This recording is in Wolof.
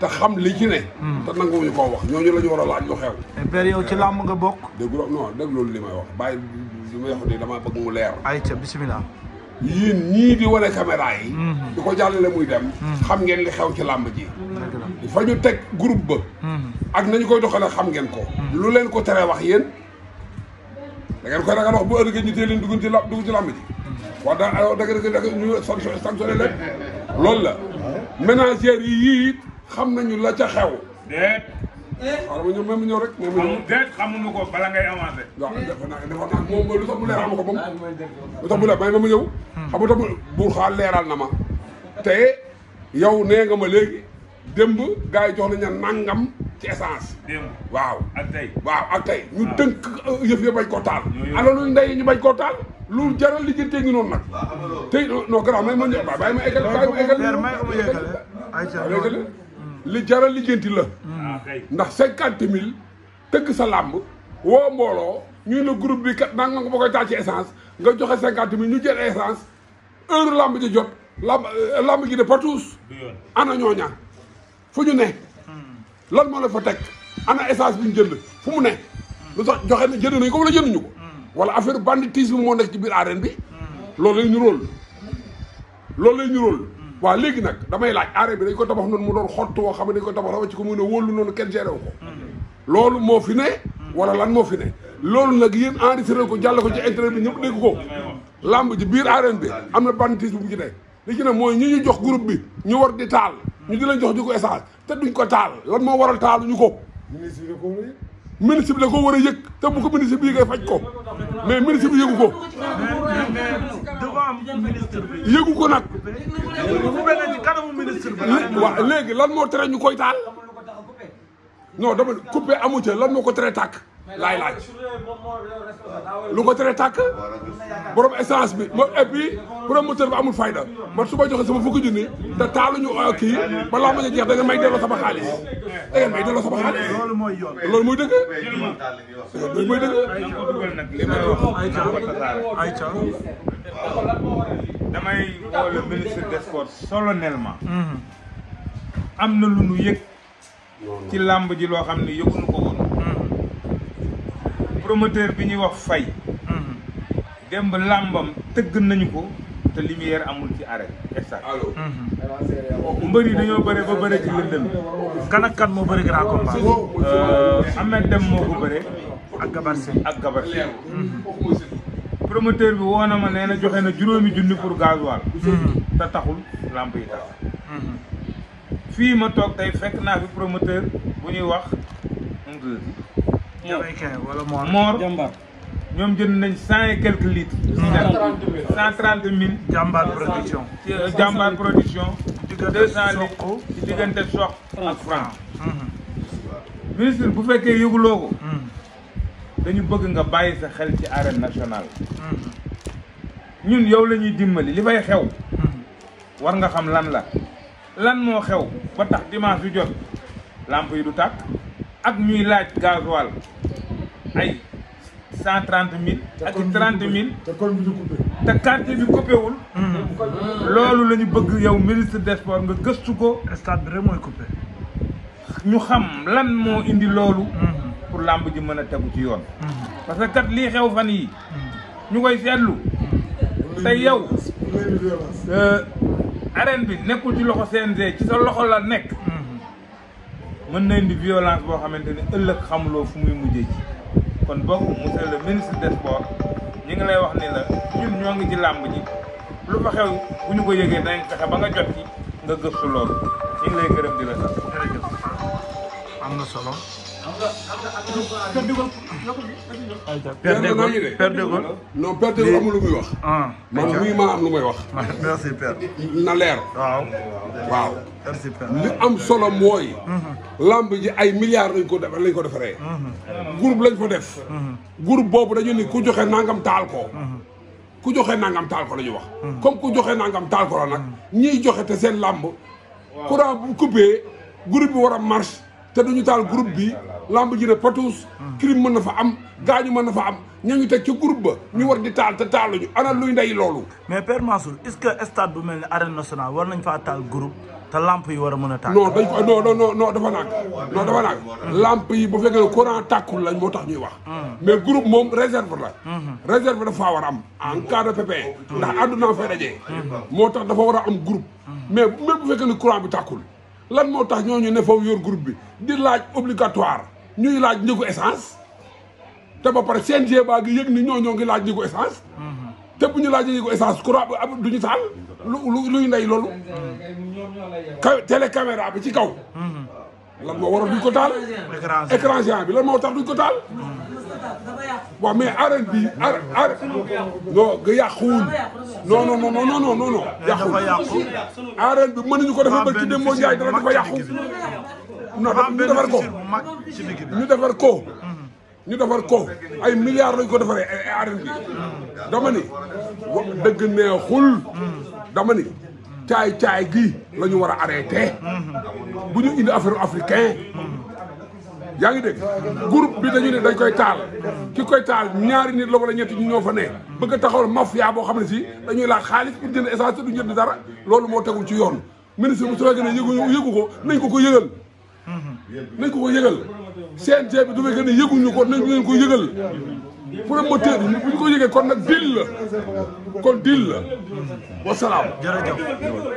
te xam li ci ne. te nanguwuñu koo wax ñooñu la ñu war a laaj lu xew. Eh, père yow ci làmb nga bokk. dégg non loolu li may wax bàyyi li may wax nii damaa bëgg mu leer. ayca bisimilah. yéen ñii di wane caméra yi. Mhm. di ko jàllale muy dem. Mhm. xam ngeen li xew ci làmb ji. fa ñu teg groupe ba. Mhm. ak nañu koy doxalee xam ngeen ko. lu leen ko teree wax yéen. da ngeen koy ragal wax bu ëllëgee ñu tee ci làmb ji. wax da da nga da nga ñu sanctionné la. ménagères yi xam it ñu nañu la ca xew. déet. Eh? xaaral ma ñëw même rek. même ñëw ko bala ngay avancé. waaw defe naa defe naa moom mu leeral ma ko moom. lu tax mu leeral may nga ma ñëw. Hmm. xam nga tamit buur leeral na ma. te yow nee nga ma léegi. démb gars yi jox nañu nangam ci essence. démb waaw. ak tey ak tey. ñu tënk yëf ya bañ koo taal. alalu ndey ñu bañ koo taal. lu jaral li jëntee ngi noonu nag. tey non grand may ma ñu bàyyi ma eggal bàyyi ma eggal. may li jaral li jënti la. Mm. Ah, ndax cinquante mille tëgg sa làmb woo mbooloo ñu la groupe bi kat nangam nga ma koy taal ci essence nga joxe cinquante mille ñu jël essence heure làmb ji jot làmb euh, làmb ji de patous ana ñooña fu ñu ne lan moo la fa teg ana essence bi ñu jënd fu mu ne lu tax joxe na jënd nañu ko wala jënduñu ko wala affaire banditisme moo nekk ci biir arène bi loolu lay ñu róol loolu lay ñu róol léegi nag damay laaj arène bi dañ ko tabax noonu mu doon xott woo xam ne dañ ko tabax rawa ci ko mu ne wóolu noonu kenn géré ko loolu moo fi ne wala lan moo fi ne loolu nag yën enregistré ko jàll ko ci internet bi ñëpp dégg ko làmb ci biir arène bi am na banditisme bu ne li ci ne mooy ñu jox groupe bi ñu war ñu di la jox ñu ko essence te duñ ko taal lan moo waral ñu ko. ministre bi da ko war a yëg. ministre bi da koo war a yëg te bu ko ministre bi yëgee faj ko mais ministre bi yëgu ko. yëgu ko nag. waaw léegi lan moo tere ñu koy taal. non dama coupé amu ca lan moo ko tere tàkk. laay laaj ah lu ko tere tàkk borom essence bi moom et puis promoteur bi amul fayda man su ma joxe sama fukki junni te taaluñu ah, kii ba laa ma jeex da ngeen may delloo sama xaalis da ngeen may delloo sama xaalis loolu muy dëgg loolu muy dëgg damay woo ministre des sports mm-hmm. am na lu nu yëg ci làmb ji loo xam ne yëguñu ko promoteur bi ñuy wax fay mhm. démb làmbam tëgg nañu ko te lumière amul ci arrêt exact mhm. oh, mbër yi dañoo bëre ba bëre ci lëndëm kan moo bëri grand combat euh, Ahmed Dem moo ko bëre ak Gabar Sène mhm. promoteur bi woo na ma joxe na juróomi junni pour gasoil te taxul làmp yi tax fii ma toog tey fekk naa fi promoteur bu ñuy wax moor moor jàmbaar ñoom jënd nañ cent et quelques litres. cent trente mille jàmbaar production. Euh, jàmbaar production. deux diggante soq ak franc. Mhm. ministre bu fekkee yëguloo ko. Mhm. dañu bëgg nga bàyyi sa xel ci arène nationale. Mhm. ñun yow lañuy dimbali li fay xew. war nga xam lan la lan moo xew ba tax dimanche yu jot lamp yi du tàkk ak ñuy laaj gasoil ay cent trente mille ak trente mille te kon te quartier bi mm. coupé loolu la ñu bëgg yow ministre des sports nga gëstu ko stade bi rek mooy coupé ñu xam lan moo indi loolu mm. pour làmb ji mën a tegu ci yoon mm. parce que kat lii xew fan yi ñu koy seetlu te yow euh, arène bi nekkul ci loxo CNG ci sa loxo la nekk mën na indi violence boo xamante ne ëllëg xamuloo fu muy mujjee ci kon bokk monsieur le ministre des sports ñu ngi lay wax ni la ñun ñoo ngi ci làmb ji lu fa xew bu ñu ko yëgee danañ fexe ba nga jot ci nga gëstu loolu ñu ngi lay gërëm Père de Gaulle Père lu muy wax. Ah. man muy maa lu may wax. Ah, merci na leer. waaw waaw. am solo mooy. Mhm. lamb ji ay milliards lañ ko def lañ ko defaree. Mhm. groupe lañ fa def. Mhm. groupe boobu dañu ni ku joxe nangam taal ko. ku joxe nangam taal ko la ñu wax. comme ku joxe nangam taal ko la nag. ñiy joxe te seen lamb. courant bu coupé bi war a marche te duñu taal groupe bi. lamb ji ne patuus hmm. crime mën na fa am gaañu mën na fa am ña ngi teg ci group ba ñu hmm. war di taal te taaluñu ana luy ndey loolu mais Père Mansour est-ce que stade bu mel ne arène nationale war nañ faa taal groupe te yi war a mën a taal non dañ ko non non non dafa naag hmm. yi bu fekkee ne courant tàkkul lañ moo tax ñuy wax mais groupe moom réserve la réserve dafa war am en cas de pépin ndax àdduna moo tax dafa war a am groupe mais même bu fekkee ne courant bi tàkkul lan moo tax ñooñu ne foofu yor groupe bi di laaj obligatoire ñuy laaj njëgu essence te ba pare CNG baa ngi yëg ni ñoo ñoo ngi laaj njëgu essence te bu ñu laajee njëgu essence courant bi ab du ñu taal lu luy ndey loolu ka télé bi ci kaw lan moo waral duñ ko taal écran géant bi lan moo tax duñ ko taal waaw mais arène bi ar ar non ga yàquwul non non non non non non non yàquwul arène bi mënuñu ko defee barki dem moo njaay dafa yàqu non ñu defar ko ñu defar ko ñu defar ko ay milliards lañ ko defaree ay arène bi dama ni wa dëgg neexul dama ni caay caay gi la ñu war a arrêté bu ñu indi affaire africain yaa ngi dégg groupe bi dañu ne dañ koy taal ki koy taal ñaari nit la wala ñetti ñu ñoo fa ne bëgg a taxawal mafia boo xam ne si dañuy laaj xaalis pour jënd essence du jënd dara loolu moo tegul ci yoon ministre bu su fekkee ne yëgu yëgu ko nañ ko ko yëgal nañ ko ko yëgal CNG bi du fekkee ne yëguñu ko nañ leen ko yëgal promoteur bi bu ñu ko yëgee kon nag deal la kon